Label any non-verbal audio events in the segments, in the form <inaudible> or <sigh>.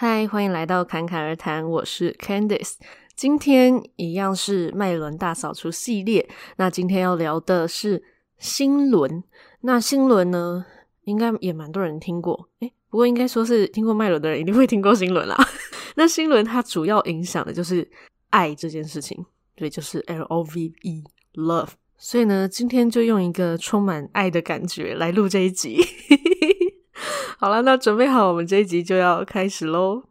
嗨，Hi, 歡迎來到侃侃而談，我是 Candice。今天一樣是脈輪大掃除系列。那今天要聊的是心輪。那心輪呢，應該也蠻多人聽過。哎，不過應該說是聽過脈輪的人，一定會聽過心輪啦。 <laughs> 那心輪它主要影響的就是愛這件事情，對，就是 L O V E love。所以呢，今天就用一個充滿愛的感覺來錄這一集。嘿嘿嘿。好啦，那準備好，我們這一集就要開始嘍。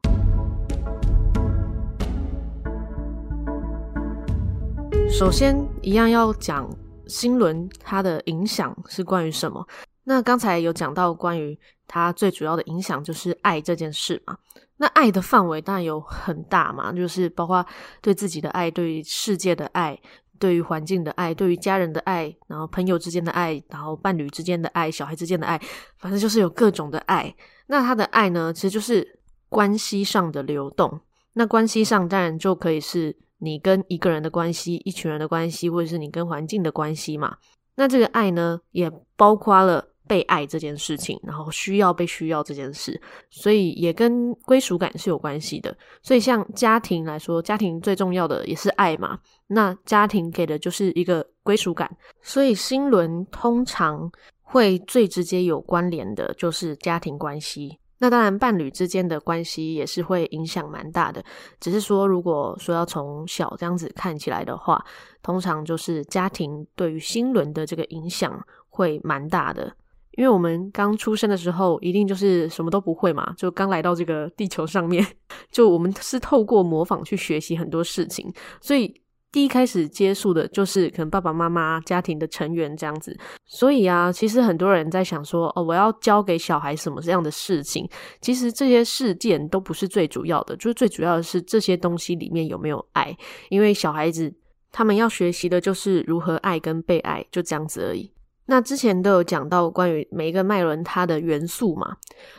首先，一樣要講心輪，它的影響是關於什麼？那剛才有講到關於它最主要的影響就是愛這件事嘛。那愛的範圍當然有很大嘛，就是包括對自己的愛、對世界的愛。對於環境的愛，對於家人的愛，然後朋友之間的愛，然後伴侶之間的愛，小孩之間的愛，反正就是有各種的愛。那他的愛呢，其實就是關係上的流動。那關係上當然就可以是你跟一個人的關係，一群人的關係，或者是你跟環境的關係嘛。那這個愛呢，也包括了。被愛這件事情，然後需要被需要這件事，所以也跟歸屬感是有關係的。所以像家庭來說，家庭最重要的也是愛嘛。那家庭給的就是一個歸屬感。所以心輪通常會最直接有關聯的就是家庭關係。那當然，伴侶之間的關係也是會影響蠻大的。只是說，如果說要從小這樣子看起來的話，通常就是家庭對於心輪的這個影響會蠻大的。因為我們剛出生的時候，一定就是什麼都不會嘛，就剛來到這個地球上面，就我們是透過模仿去學習很多事情，所以第一開始接觸的就是可能爸爸媽媽、家庭的成員這樣子。所以啊，其實很多人在想說，哦，我要教給小孩什麼這樣的事情？其實這些事件都不是最主要的，就是最主要的是這些東西裡面有沒有愛。因為小孩子他們要學習的就是如何愛跟被愛，就這樣子而已。那之前都有講到關於每一個脈輪它的元素嘛，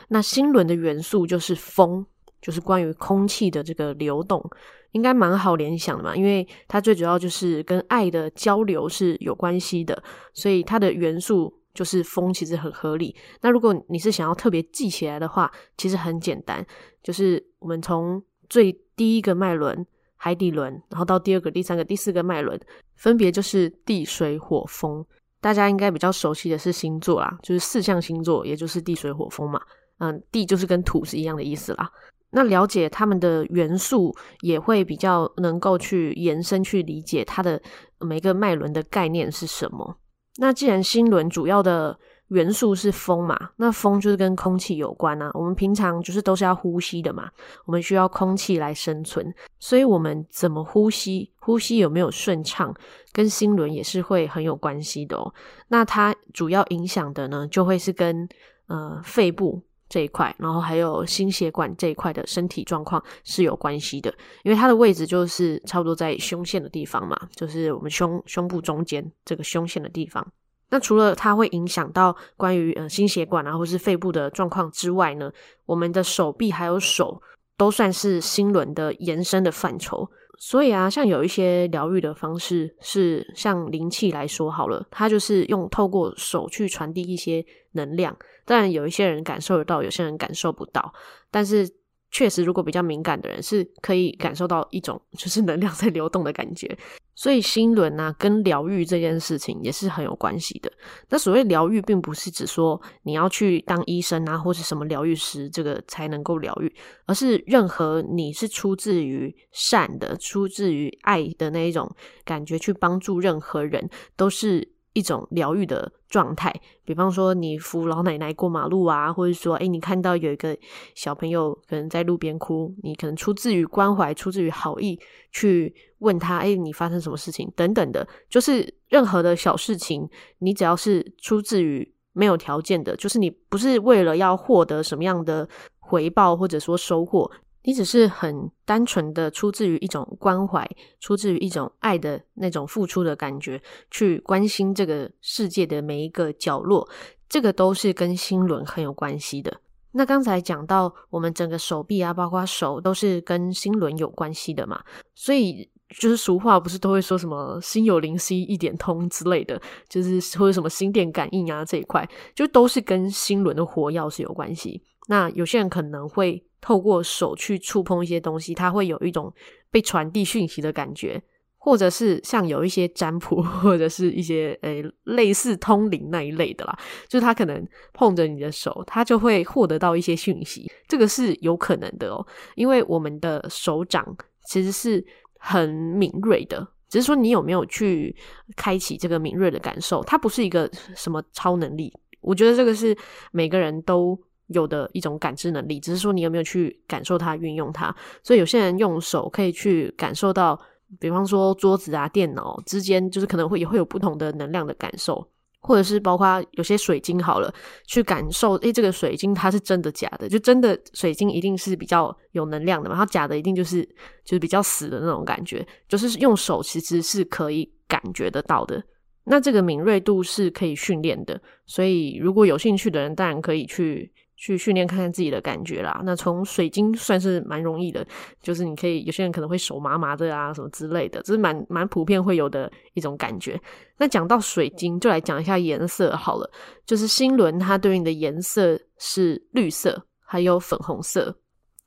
那心輪的元素就是風，就是關於空氣的這個流動，應該蠻好聯想的嘛，因為它最主要就是跟愛的交流是有關係的，所以它的元素就是風，其實很合理。那如果你是想要特別記起來的話，其實很簡單，就是我們從最第一個脈輪，海底輪，然後到第二個、第三個、第四個脈輪，分別就是地、水、火、風。大家應該比較熟悉的是星座啦，就是四象星座，也就是地水火風嘛。嗯，地就是跟土是一樣的意思啦。那了解它們的元素，也會比較能夠去延伸去理解它的每一個脈輪的概念是什麼。那既然心輪主要的元素是風嘛，那風就是跟空氣有關啊，我們平常就是都是要呼吸的嘛，我們需要空氣來生存。所以，我們怎麼呼吸，呼吸有沒有順暢，跟心輪也是會很有關係的哦。那它主要影響的呢，就會是跟呃肺部這一塊，然後還有心血管這一塊的身體狀況是有關係的，因為它的位置就是差不多在胸腺的地方嘛，就是我們胸胸部中間這個胸腺的地方。那除了它會影響到關於呃心血管啊，或是肺部的狀況之外呢，我們的手臂還有手都算是心輪的延伸的範疇。所以啊，像有一些療癒的方式，是像靈氣來說好了，它就是用透過手去傳遞一些能量。當然有一些人感受得到，有些人感受不到，但是。確實，如果比較敏感的人是可以感受到一種就是能量在流動的感覺，所以心輪啊跟療癒這件事情也是很有關係的。那所謂療癒，並不是指說你要去當醫生啊，或者什麼療癒師，這個才能夠療癒，而是任何你是出自於善的、出自於愛的那一種感覺去幫助任何人，都是。一種療癒的狀態，比方說你扶老奶奶過馬路啊，或者說誒、欸、你看到有一個小朋友可能在路邊哭，你可能出自於關懷、出自於好意去問他，誒、欸、你發生什麼事情等等的，就是任何的小事情，你只要是出自於沒有條件的，就是你不是為了要獲得什麼樣的回報或者說收穫。你只是很單純的出自於一種關懷，出自於一種愛的那種付出的感覺，去關心這個世界的每一個角落，這個都是跟心輪很有關係的。那剛才講到我們整個手臂啊，包括手都是跟心輪有關係的嘛，所以就是俗話不是都會說什麼心有靈犀一點通之類的，就是或者什麼心電感應啊這一塊，就都是跟心輪的活躍是有關係。那有些人可能會。透過手去觸碰一些東西，它會有一種被傳遞訊息的感覺，或者是像有一些占卜或者是一些誒類似通靈那一類的啦，就是他可能碰着你的手，它就會獲得到一些訊息，這個是有可能的哦，因為我們的手掌其實是很敏銳的，只是說你有沒有去開啟這個敏銳的感受，它不是一個什麼超能力，我覺得這個是每個人都。有的一種感知能力，只是說你有沒有去感受它、運用它。所以有些人用手可以去感受到，比方說，桌子啊、電腦之間，就是可能會也會有不同的能量的感受，或者是包括有些水晶好了，去感受，誒、欸，這個水晶它是真的假的？就真的水晶一定是比較有能量的嘛，然後假的一定就是就是比較死的那種感覺，就是用手其實是可以感覺得到的。那這個敏銳度是可以訓練的，所以如果有興趣的人，當然可以去。去訓練看看自己的感覺啦。那從水晶算是蠻容易的，就是你可以，有些人可能會手麻麻的啊，什麼之類的，這是蠻蠻普遍會有的一種感覺。那講到水晶，就來講一下顏色好了，就是心輪它對應的顏色是綠色，還有粉紅色，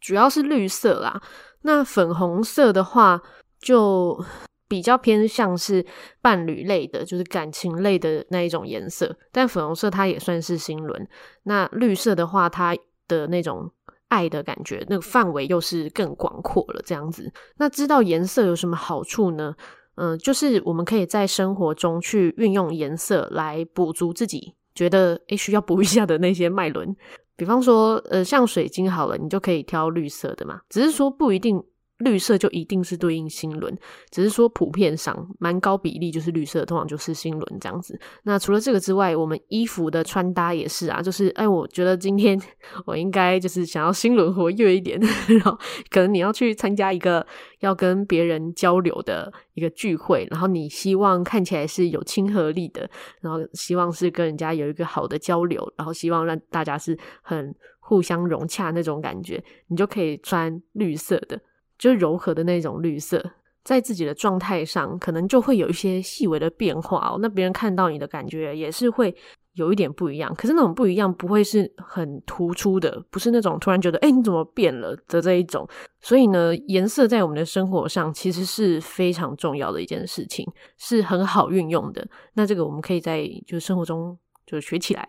主要是綠色啦、啊。那粉紅色的話就。比較偏向是伴侶類的，就是感情類的那一種顏色。但粉紅色它也算是心輪。那綠色的話，它的那種愛的感覺，那個範圍又是更廣闊了，這樣子。那知道顏色有什麼好處呢？嗯、呃，就是我們可以在生活中去運用顏色來補足自己覺得誒、欸、需要補一下的那些脈輪。比方說，呃，像水晶好了，你就可以挑綠色的嘛。只是說不一定。綠色就一定是對應心輪，只是說普遍上蠻高比例就是綠色，通常就是心輪這樣子。那除了這個之外，我們衣服的穿搭也是啊，就是哎，我覺得今天我應該就是想要心輪活躍一點，然後可能你要去參加一個要跟別人交流的一個聚會，然後你希望看起來是有親和力的，然後希望是跟人家有一個好的交流，然後希望讓大家是很互相融洽那種感覺，你就可以穿綠色的，就是柔和的那種綠色，在自己的狀態上，可能就會有一些細微的變化哦。那別人看到你的感覺也是會有一點不一樣，可是那種不一樣不會是很突出的，不是那種突然覺得誒你怎麼變了的這一種。所以呢，顏色在我們的生活上其實是非常重要的一件事情，是很好運用的。那這個我們可以在就生活中就學起來。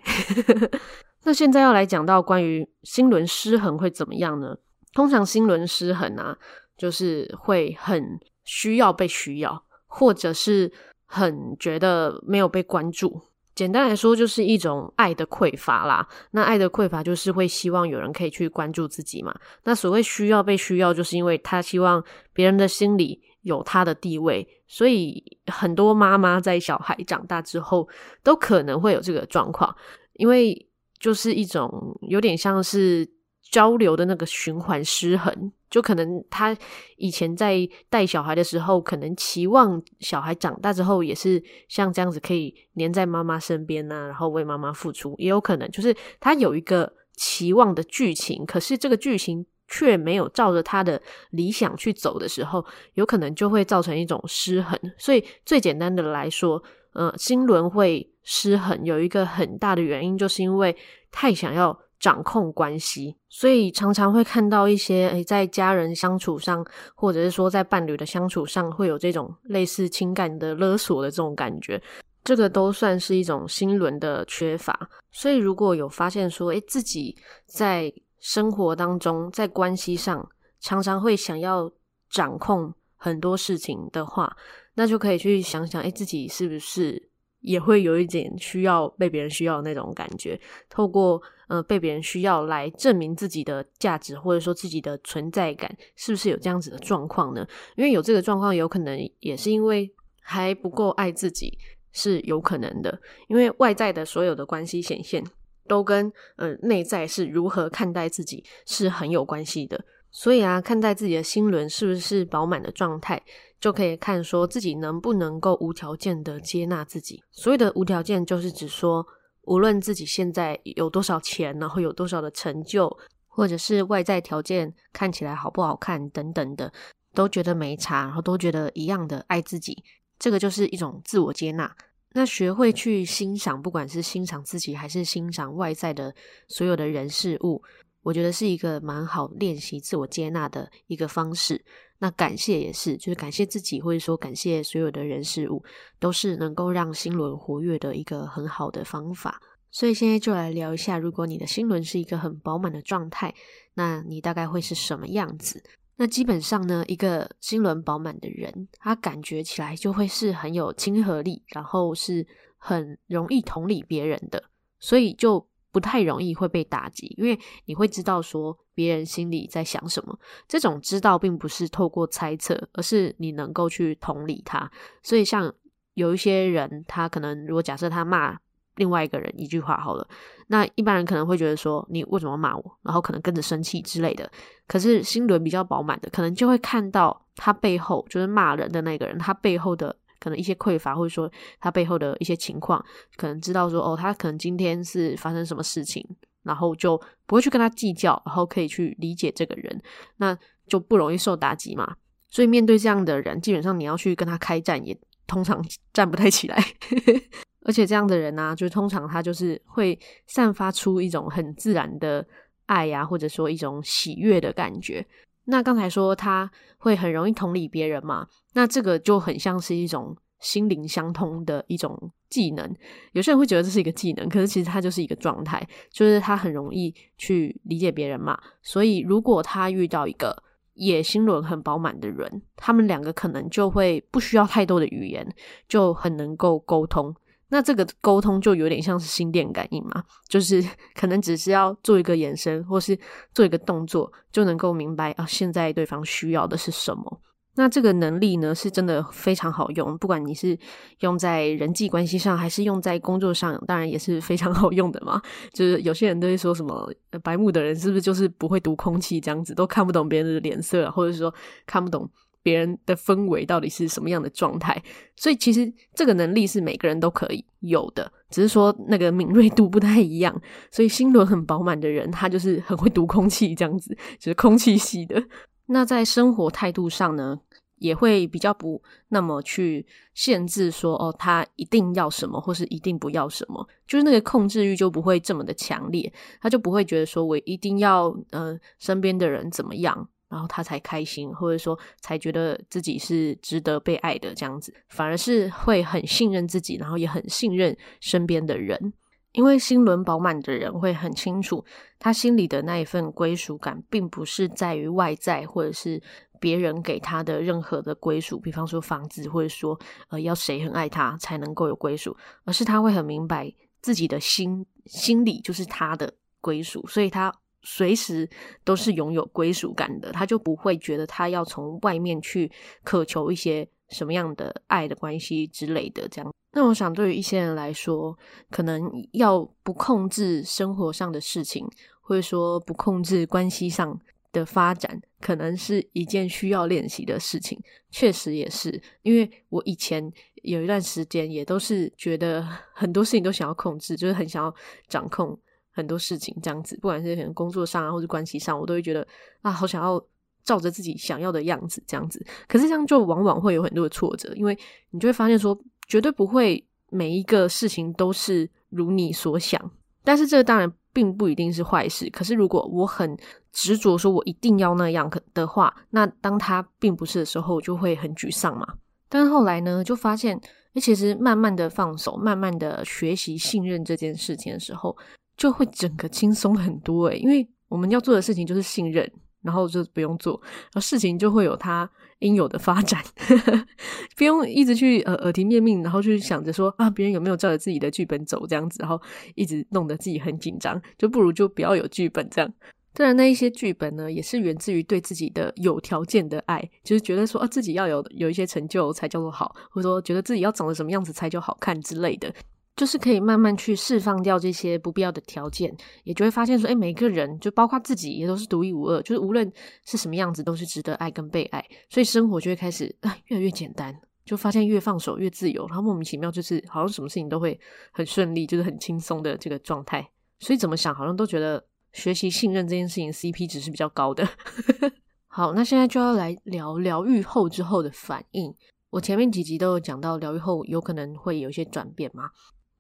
<laughs> 那現在要來講到關於心輪失衡會怎麼樣呢？通常心輪失衡啊。就是會很需要被需要，或者是很覺得沒有被關注。簡單來說，就是一種愛的匱乏啦。那愛的匱乏，就是會希望有人可以去關注自己嘛。那所謂需要被需要，就是因為他希望別人的心裡有他的地位。所以，很多媽媽在小孩長大之後，都可能會有這個狀況，因為就是一種有點像是交流的那個循環失衡。就可能他以前在帶小孩的時候，可能期望小孩長大之後也是像這樣子可以黏在媽媽身邊啊，然後為媽媽付出。也有可能就是他有一個期望的劇情，可是這個劇情卻沒有照着他的理想去走的時候，有可能就會造成一種失衡。所以最簡單的來說，呃，心輪會失衡，有一個很大的原因就是因為太想要掌控關係，所以常常會看到一些誒、欸、在家人相處上，或者是說在伴侶的相處上，會有這種類似情感的勒索的這種感覺。這個都算是一種心輪的缺乏。所以如果有發現說，誒、欸、自己在生活當中，在關係上，常常會想要掌控很多事情的話，那就可以去想想，誒、欸、自己是不是也會有一點需要被別人需要的那種感覺？透過呃，被別人需要來證明自己的價值，或者說自己的存在感，是不是有這樣子的狀況呢？因為有這個狀況，有可能也是因為還不夠愛自己，是有可能的。因為外在的所有的關係顯現，都跟呃內在是如何看待自己是很有關係的。所以啊，看待自己的心輪是不是飽滿的狀態，就可以看說自己能不能夠無條件的接納自己。所謂的無條件，就是指說。無論自己現在有多少錢，然後有多少的成就，或者是外在條件看起來好不好看等等的，都覺得沒差，然後都覺得一樣的愛自己，這個就是一種自我接納。那學會去欣賞，不管是欣賞自己，還是欣賞外在的所有的人事物，我覺得是一個蠻好練習自我接納的一個方式。那感謝也是，就是感謝自己，或者說感謝所有的人事物，都是能夠讓心輪活躍的一個很好的方法。所以現在就來聊一下，如果你的心輪是一個很飽滿的狀態，那你大概會是什麼樣子？那基本上呢，一個心輪飽滿的人，他感覺起來就會是很有親和力，然後是很容易同理別人的。所以就。不太容易會被打擊，因為你會知道說別人心裡在想什麼。這種知道並不是透過猜測，而是你能夠去同理他。所以，像有一些人，他可能如果假設他罵另外一個人一句話好了，那一般人可能會覺得說你為什麼罵我？然後可能跟着生氣之類的。可是心輪比較飽滿的，可能就會看到他背後就是罵人的那個人，他背後的。可能一些匱乏，或者說他背後的一些情況，可能知道說哦，他可能今天是發生什麼事情，然後就不會去跟他計較，然後可以去理解這個人，那就不容易受打擊嘛。所以面對這樣的人，基本上你要去跟他開戰，也通常站不太起來。 <laughs> 而且這樣的人呢，就是通常他就是會散發出一種很自然的愛呀，或者說一種喜悅的感覺。那剛才說他會很容易同理別人嘛，那這個就很像是一種心靈相通的一種技能。有些人會覺得這是一個技能，可是其實他就是一個狀態，就是他很容易去理解別人嘛。所以如果他遇到一個也心輪很飽滿的人，他們兩個可能就會不需要太多的語言，就很能夠溝通。那這個溝通就有點像是心電感應嘛，就是可能只是要做一個眼神，或是做一個動作，就能夠明白啊，現在對方需要的是什麼。那這個能力呢，是真的非常好用，不管你是用在人際關係上，還是用在工作上，當然也是非常好用的嘛。就是有些人都會說什麼白目的人是不是就是不會讀空氣這樣子，都看不懂別人的臉色，或者是說看不懂。別人的氛圍到底是什麼樣的狀態？所以其實這個能力是每個人都可以有的，只是說那個敏銳度不太一樣。所以心輪很飽滿的人，他就是很會讀空氣，這樣子就是空氣系的。那在生活態度上呢，也會比較不那麼去限制說，哦，他一定要什麼，或是一定不要什麼，就是那個控制慾就不會這麼的強烈，他就不會覺得說我一定要呃身邊的人怎麼樣。然後他才開心，或者說才覺得自己是值得被愛的這樣子，反而是會很信任自己，然後也很信任身邊的人。因為心輪飽滿的人會很清楚，他心裡的那一份歸屬感，並不是在於外在或者是別人給他的任何的歸屬，比方說房子，或者說，呃，要誰很愛他才能夠有歸屬，而是他會很明白自己的心，心裡就是他的歸屬，所以他。隨時都是擁有歸屬感的，他就不會覺得他要從外面去渴求一些什麼樣的愛的關係之類的。這樣，那我想對於一些人來說，可能要不控制生活上的事情，或者說不控制關係上的發展，可能是一件需要練習的事情。確實也是，因為我以前有一段時間也都是覺得很多事情都想要控制，就是很想要掌控。很多事情這樣子，不管是可能工作上啊，或是關係上，我都會覺得啊，好想要照着自己想要的樣子這樣子。可是這樣就往往會有很多的挫折，因為你就會發現說，絕對不會每一個事情都是如你所想。但是這當然並不一定是壞事。可是如果我很執着說我一定要那樣的話，那當他並不是的時候，我就會很沮喪嘛。但是後來呢，就發現哎，其實慢慢的放手，慢慢的學習信任這件事情的時候。就會整個輕鬆很多誒，因為我們要做的事情就是信任，然後就不用做，然後事情就會有它應有的發展， <laughs> 不用一直去呃耳提面命，然後去想着說啊，別人有沒有照着自己的劇本走這樣子，然後一直弄得自己很緊張，就不如就不要有劇本這樣。當然，那一些劇本呢，也是源自於對自己的有條件的愛，就是覺得說啊，自己要有有一些成就才叫做好，或者說覺得自己要長得什麼樣子才就好看之類的，就是可以慢慢去釋放掉這些不必要的條件，也就會發現說，哎、欸，每一個人就包括自己也都是獨一無二，就是無論是什麼樣子，都是值得愛跟被愛。所以生活就會開始、啊、越來越簡單，就發現越放手越自由，然後莫名其妙就是好像什麼事情都會很順利，就是很輕鬆的這個狀態。所以怎麼想，好像都覺得學習信任這件事情 CP 值是比較高的。 <laughs> 好，那現在就要來聊聊療癒後之後的反應。我前面幾集都有講到，療癒後有可能會有一些轉變嘛。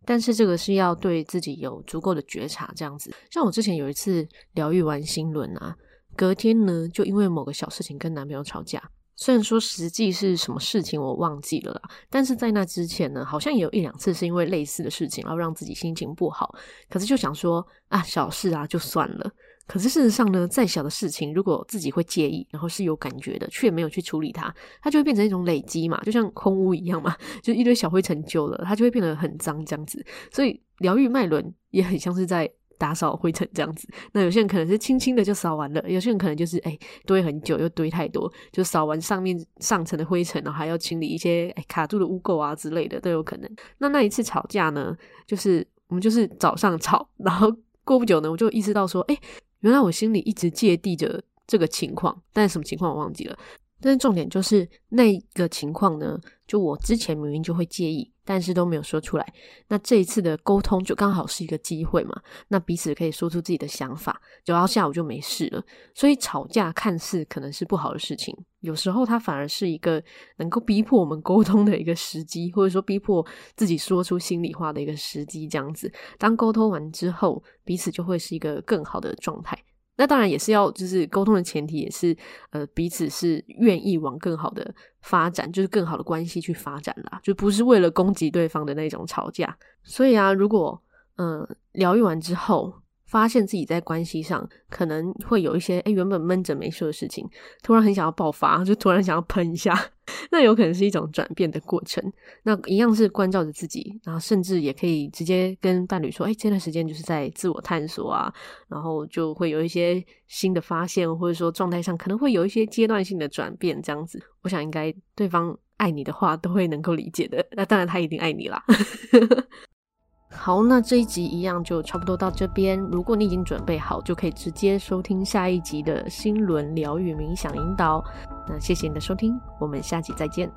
但是這個是要對自己有足夠的覺察，這樣子。像我之前有一次療癒完心輪啊，隔天呢就因為某個小事情跟男朋友吵架，雖然說實際是什麼事情我忘記了啦，但是在那之前呢，好像也有一兩次是因為類似的事情，然後讓自己心情不好，可是就想說啊，小事啊就算了。可是事實上呢，再小的事情，如果自己會介意，然後是有感覺的，卻沒有去處理它，它就會變成一種累積嘛，就像空屋一樣嘛，就一堆小灰塵久了，它就會變得很髒這樣子。所以療癒脈輪也很像是在打掃灰塵這樣子。那有些人可能是輕輕的就掃完了，有些人可能就是誒、欸、堆很久又堆太多，就掃完上面上層的灰塵，然後還要清理一些哎、欸、卡住的污垢啊之類的都有可能。那那一次吵架呢，就是我們就是早上吵，然後過不久呢，我就意識到說，哎、欸。原來我心裡一直芥蒂着這個情況，但是什麼情況我忘記了。但是重點就是那個情況呢，就我之前明明就會介意，但是都沒有說出來。那這一次的溝通就剛好是一個機會嘛，那彼此可以說出自己的想法，然後下午就沒事了。所以吵架看似可能是不好的事情，有時候它反而是一個能夠逼迫我們溝通的一個時機，或者說逼迫自己說出心裡話的一個時機。這樣子，當溝通完之後，彼此就會是一個更好的狀態。那當然也是要，就是溝通的前提也是，呃，彼此是願意往更好的發展，就是更好的關係去發展啦，就不是為了攻擊對方的那種吵架。所以啊，如果嗯，呃，療癒完之後。發現自己在關係上可能會有一些，誒，原本悶着沒說的事情，突然很想要爆發，就突然想要噴一下，那有可能是一種轉變的過程。那一樣是關照着自己，然後甚至也可以直接跟伴侶說，哎，這段時間就是在自我探索啊，然後就會有一些新的發現，或者說狀態上可能會有一些階段性的轉變，這樣子，我想應該對方愛你的話都會能夠理解的。那當然他一定愛你啦。 <laughs> 好，那這一集一樣就差不多到這邊。如果你已經準備好，就可以直接收聽下一集的心輪療癒冥想引導。那謝謝你的收聽，我們下集再見。